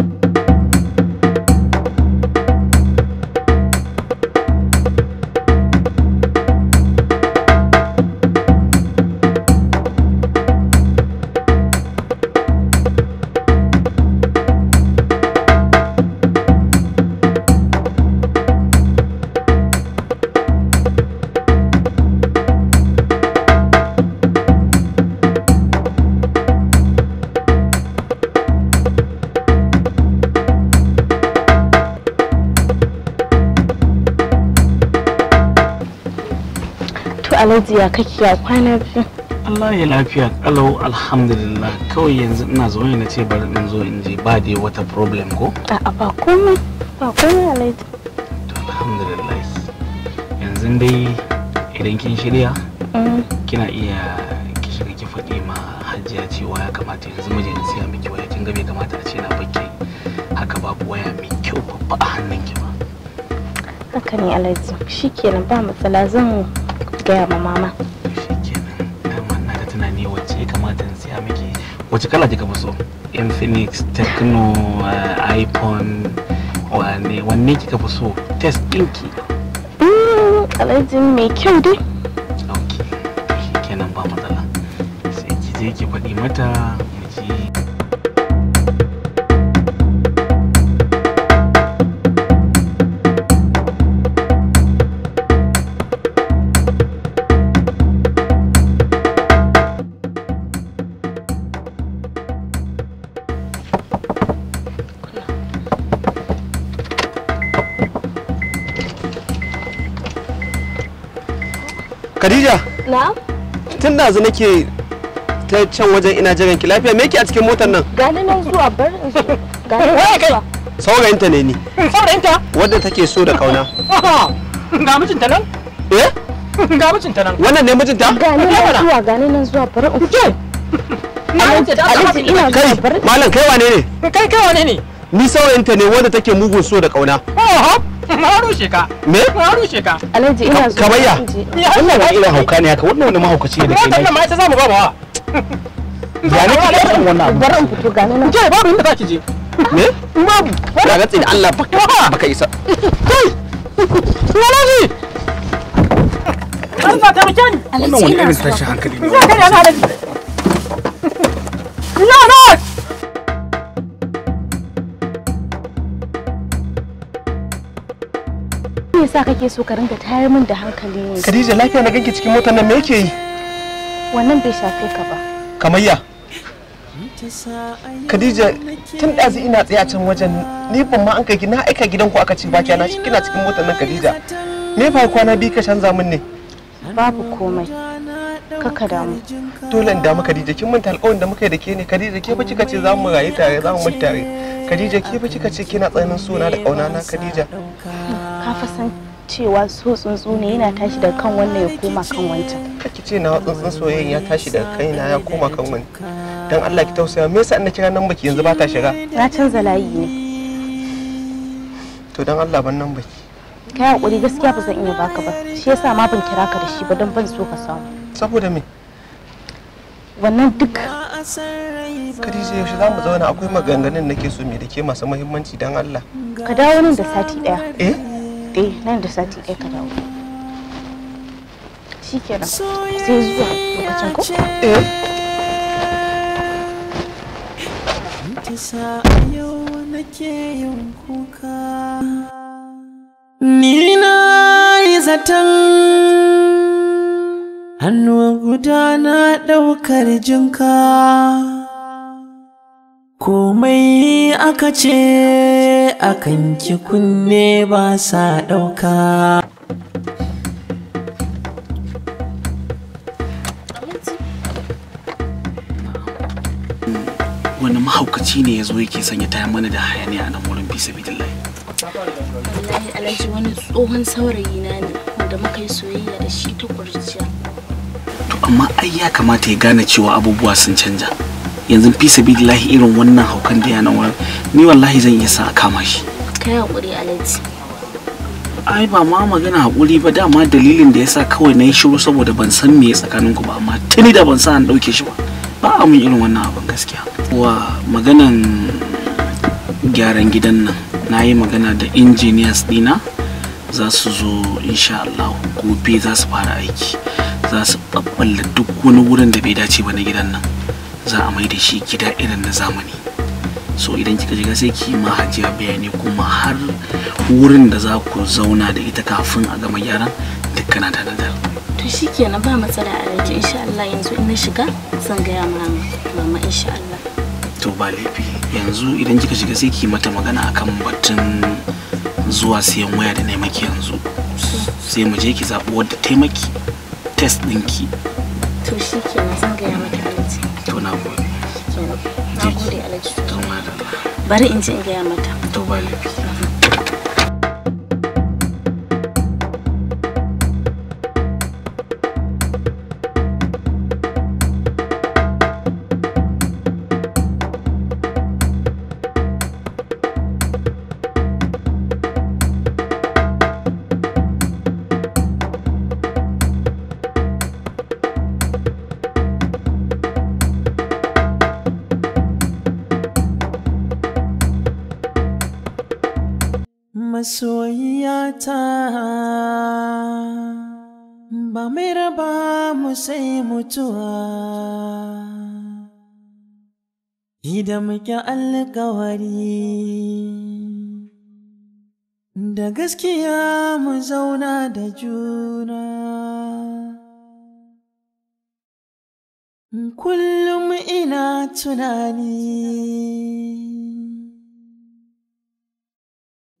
you su alhaji ya kake ya kwana biyu Allah ya lafiya kalau alhamdulillah kawai yanzu ina zaune na ce bari in zo in je ba dai wata problem ko a'a ba komai ba komai alhaji to alhamdulillah yanzu dai idan kin shirya mm. kina iya ki shiga ki faɗi ma hajiya cewa ya kamata yanzu mijin siya miki waya kin ga bai kamata a ce na bakke haka babu waya mai kyau babba a hannunki ba haka ne alhaji shikenan ba matsala zan gaya ma mama wace kala kika fi so infinix techno eh, iphone wanne kika fi so test ɗinki mm, alajin mai kyau dai ok kenan ba matsala sai ki je ki faɗi mata mu ji Khadija? Na'am. Tun da nake ta can wajen ina jiran ki lafiya me yake a cikin motar nan? Gani nan zuwa bar in zo. Gani nan zuwa. Saurayinta ne ni. Saurayinta? Wadda take so da kauna. Ga ta nan? Eh? Ga ta nan. Wannan ne mijinta? Gani nan zuwa gani nan zuwa bar in Kai, malam kai wane ne? Kai kai wane ne? Ni saurayinta ne wanda take mugun so da kauna. Oh, kuma ne haka wannan wani mahaukaci ne ya Allah Allah ta muke ni wannan wani irin tashin hankali ne za ka da ina na sa kake so ka ringa tayar min da hankali ne Khadija lafiya na ganki cikin motar nan me yake yi wannan bai shafe ka ba kamayya Khadija tun ɗazu ina tsaye a can wajen ni ban ma an kai na aika gidanku aka ce ba na kina cikin motar nan Khadija me fa kwana bi ka canza min ne babu komai kaka damu dole in damu Khadija kin manta alƙawarin da muka yi da ke ne Khadija ke fa kika ce za mu rayu tare za mu mutare. tare Khadija ke fa kika ce kina tsananin suna da ƙauna na Khadija ka fa san cewa so tsuntsu ne yana tashi daga kan wannan ya koma kan wancan kake ce na tsuntsun soyayya ya tashi daga kaina ya koma kan wani dan Allah ki tausaya me yasa ina kira nan baki yanzu ba ta shiga na canza layi ne to dan Allah ban nan baki kai hakuri gaskiya ba zan iya baka ba shi yasa ma ban kira ka da shi ba dan ban so ka samu saboda me wannan duk Khadija yaushe za mu zauna akwai maganganun nake so me da ke masu muhimmanci dan Allah ka dawo nan da sati daya eh eh nan da sati ɗaya ka dawo shi kenan sai zuwa lokacin ko eh. nina kisa yau hannu guda na ɗaukar jinka komai aka ce akan ki kunne ba sa ɗauka wani mahaukaci ne ya zo yake sanya taya mana da hayaniya a nan wurin bisa lai wallahi alhaji wani tsohon saurayi na ne wanda muka yi soyayya da shi ta kurciya to amma ai ya kamata ya gane cewa abubuwa sun canja yanzu fi sabilillahi irin wannan haukan da yana wurin ni wallahi zan iya sa kama shi kai hakuri alaji ai ba ma magana hakuri ba dama dalilin da yasa kawai na yi shiru saboda ban san me ya tsakanin ku ba amma tuni da ban san an dauke shi ba ba a mun irin wannan abin gaskiya wa maganan gyaran gidan nan na yi magana da engineers dina za su zo insha Allah gobe za su fara aiki za su ɓaɓɓalla duk wani wurin da bai dace ba na gidan nan za a mai da shi gida irin na zamani so idan kika shiga sai ki ma hajiya bayani kuma har wurin da za ku zauna da ita kafin a gama gyaran dukkan ta dal. to shikenan ba matsala a rage insha Allah yanzu in na shiga zan ya mama mama insha Allah to ba laifi yanzu idan kika shiga sai ki mata magana akan batun zuwa sayan waya da maki yanzu sai mu je ki zabo wadda taimaki test ɗinki to shikenan zan ya mata bari in je in gaya mata to ba laifi masoyiyata ba mai raba mu sai mutuwa idan muke alkawari da gaskiya mu zauna da juna kullum ina tunani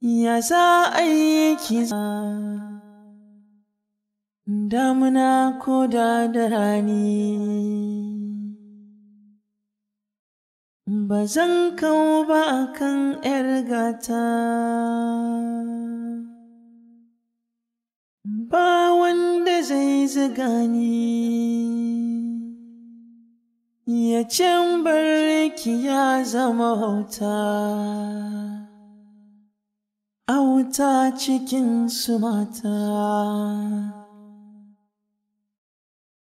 ya za a yi kiza damuna ko da da rani ba zan kawo ba a kan ‘yar gata ba wanda zai zaga ni ya can ki ya zama hauta auta cikin su mata.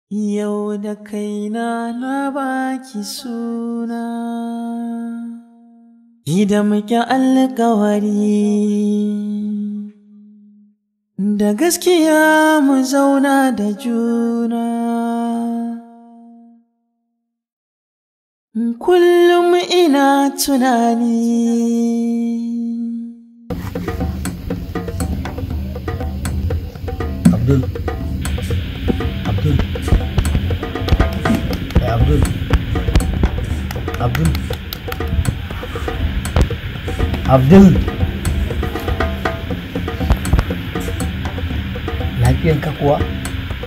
Yau da kaina na baki suna, idan muke alkawari. Da gaskiya mu zauna da juna, kullum ina tunani. Abdul. Abdul. Hey, Abdul. Abdul. Abdul. Lafiyan ka kuwa?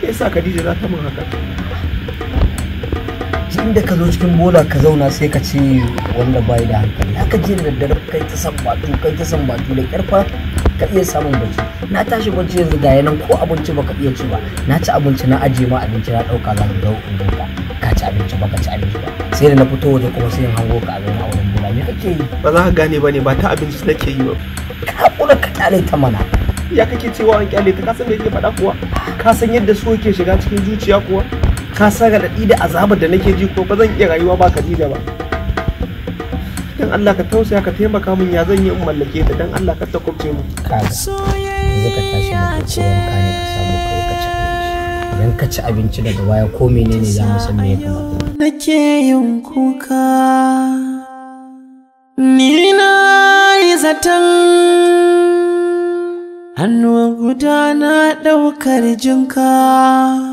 Ke sa Khadija za ta mun haka? Jin da ka zo cikin bola ka zauna sai ka ce wanda bai da hankali. Haka je da daddare kai ta sambatu kai ta sambatu da ƙarfa ka iya samun bacci na tashi bacci yanzu ga yanan ko abinci baka iya ci ba na ci abinci na aje ma abinci na dauka zan ga ubanka ka ci abinci baka ci abinci ba sai da na fito waje kuma sai in hango ka a zaune a wurin gida me kake yi ba za ka gane ba ne ba ta abinci nake yi ba ka kula ka kyale ta mana ya kake cewa an kyale ta ka san me yake faɗa kuwa ka san yadda su yake shiga cikin zuciya kuwa ka san raɗaɗi da azabar da nake ji ko ba zan iya rayuwa ba ka ji da ba dan Allah ka tausaya ka taimaka min ya zan yi in mallake ta dan Allah ka takwabce mu tashi mu wanka ne ka samu kai ka ci idan ka ci abinci daga waya, ko menene za mu san me ya nake yin kuka ni na yi zaton hannu guda na ɗaukar jinka